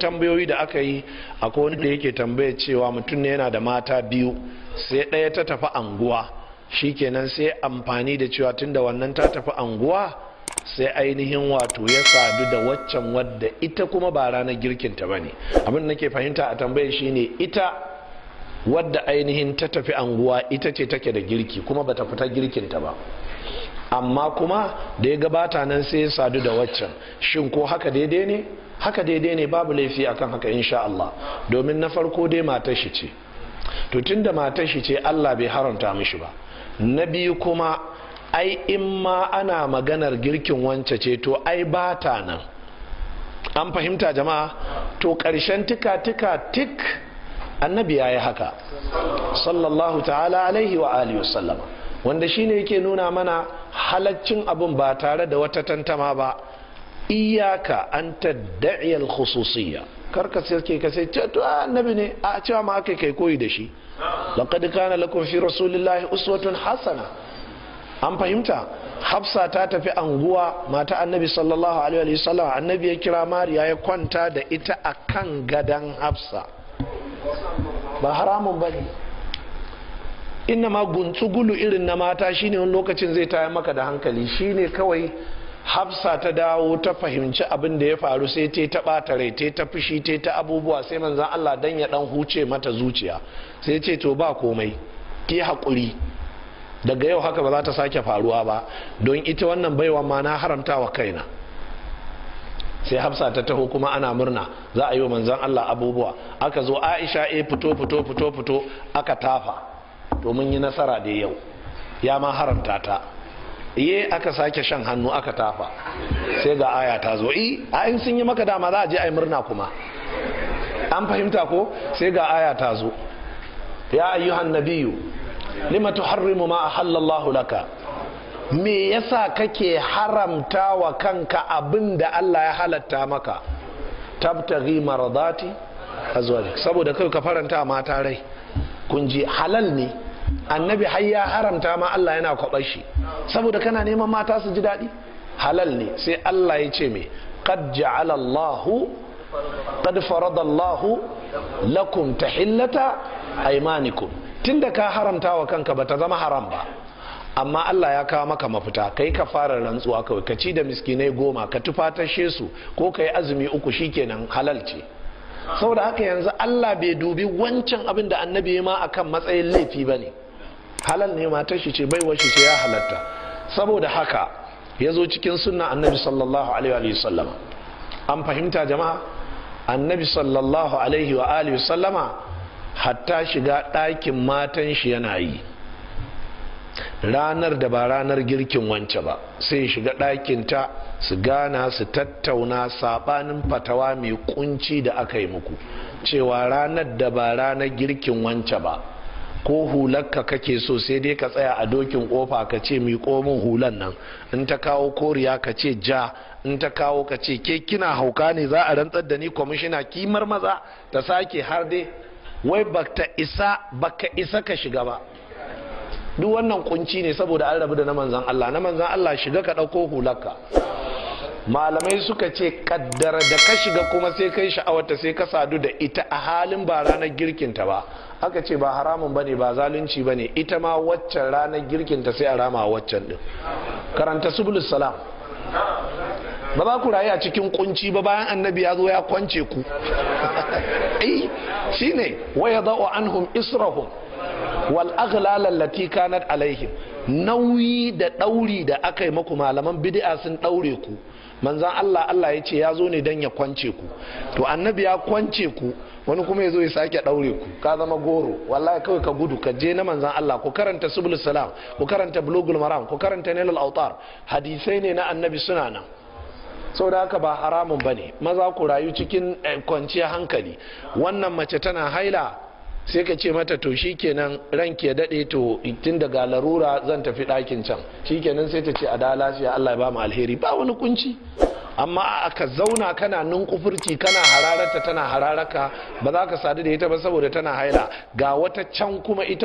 tambayoyi da aka yi akwai wani da yake tambaya cewa mutum ne yana da mata biyu sai ɗaya ta tafi anguwa shikenan sai amfani da cewa tun da wannan ta tafi anguwa sai ainihin wato ya sadu da waccan wadda ita kuma ba ranar girkinta ba ne abin nake fahimta a tambayar ne ita wadda ainihin ta tafi anguwa ita ce take da girki kuma ba ta fita ta ba amma kuma da ya gabata nan sai ya sadu da waccan shin ko haka daidai ne haka daidai ne babu laifi akan haka insha Allah domin na farko dai matar shi ce to tunda matar shi ce Allah bai haramta mishi ba na biyu kuma ai in ma ana maganar girkin wance ce to ai ba ta nan an fahimta jama'a to karshen tika tika tik annabi ya yi haka sallallahu ta'ala alaihi wa alihi wasallama wanda shine yake nuna mana halaccin abun ba tare da wata tantama ba iyaka an tadda'i khususiyya karka sai ke kasai ce to annabi ne a cewa ma aka kai koyi da shi laqad kana lakum fi rasulillahi uswatun hasana an fahimta hafsa ta tafi anguwa mata annabi sallallahu alaihi wa sallam annabi ya kira mariya ya kwanta da ita akan gadan hafsa ba haramun bane inna ma guntsugulu irin na mata shine wani lokacin zai tayar maka da hankali shine kawai hafsa ta dawo ta fahimci abin da ya faru sai ta ta ɓata rai ta ta fushi ta ta abubuwa sai manzan Allah dan ya dan huce mata zuciya sai ce to ba komai ki hakuri daga yau haka ba za ta sake faruwa ba don ita wannan baiwa ma na haramta wa kaina sai hafsa ta taho kuma ana murna za a yi wa manzan Allah abubuwa aka zo aisha e fito fito fito fito aka tafa domin yi nasara da yau ya ma haramta ta ye aka sake shan hannu aka tafa sai ga aya ta zo i a in sun yi maka dama za a je a yi murna kuma an fahimta ko sai ga aya ta zo ya ayyuhan nabiyu lima tuharrimu ma ahallallahu laka me yasa kake haramta wa kanka abin da Allah ya halatta maka tabtaghi maradati azwajik saboda kai ka faranta mata rai kun ji halal ne annabi har ya haramta ma Allah yana kwabar shi saboda kana neman mata su ji daɗi halal ne sai Allah ya ce me qad ja'ala Allahu qad farada Allahu lakum tahillata aymanikum tunda ka haramta wa kanka bata zama haram ba amma Allah ya kawo maka mafita kai ka fara rantsuwa kawai ka ci da miskinai goma ka tufatashe su ko ka azumi uku shi shikenan halal ce saboda haka yanzu Allah bai dubi wancan abin da annabi ma akan matsayin laifi ba ne. halal ne mata shi ce bai shi ce ya halatta saboda haka ya zo cikin sunna annabi sallallahu alaihi wa sallama an fahimta jama'a annabi sallallahu alaihi wa sallama hatta shiga ɗakin matan shi yana yi ranar da ba ranar girkin wance ba sai shiga ɗakin ta su gana su tattauna saɓanin fatawa mai kunci da aka yi muku cewa ranar da ba ranar girkin wance ba ko hularka kake so sai dai ka tsaya a dokin kofa ka ce mi komin hulan nan in ta kawo koriya ka ce ja in ta kawo ka ce ke kina hauka ne za a rantsar da ni kwamishina kimar maza ta sake har dai wai bakta isa baka isa ka shiga ba duk wannan kunci ne saboda an rabu da na manzan Allah na manzan Allah shiga ka ɗauko hularka malamai suka ce kaddara da ka shiga kuma sai kai sha'awarta sai ka sadu da ita a halin ba ranar girkinta ba aka ce ba haramun bane ba zalunci ne. ita ma waccan ranar girkinta sai a rama waccan din karanta subulus salam ba za ku rayu a cikin kunci ba bayan annabi ya zo ya kwance ku eh shine waya yadau anhum israhum wal aghlal allati kanat alaihim nauyi da ɗauri da aka yi maku malaman bid'a sun ɗaure ku manzan Allah Allah ya ce ya zo ne don ya kwance ku to annabi ya kwance ku wani kuma ya zo ya sake ɗaure ku ka zama goro wallahi kawai ka gudu ka je na manzan Allah ku karanta subul salam ku karanta bulugul maram ku karanta nailul autar hadisai ne na annabi suna nan sau da haka ba haramun bane maza ku rayu cikin eh, kwanciyar hankali wannan mace tana haila sai ka ce mata to shi kenan ranki ya dade to tun daga larura zan tafi ɗakin can shi kenan sai ta ce a da lafiya Allah ya ba mu alheri ba wani kunci amma aka zauna kana kufurci kana hararata tana hararaka ba za ka sadu da ita ba saboda tana haila ga wata can kuma ita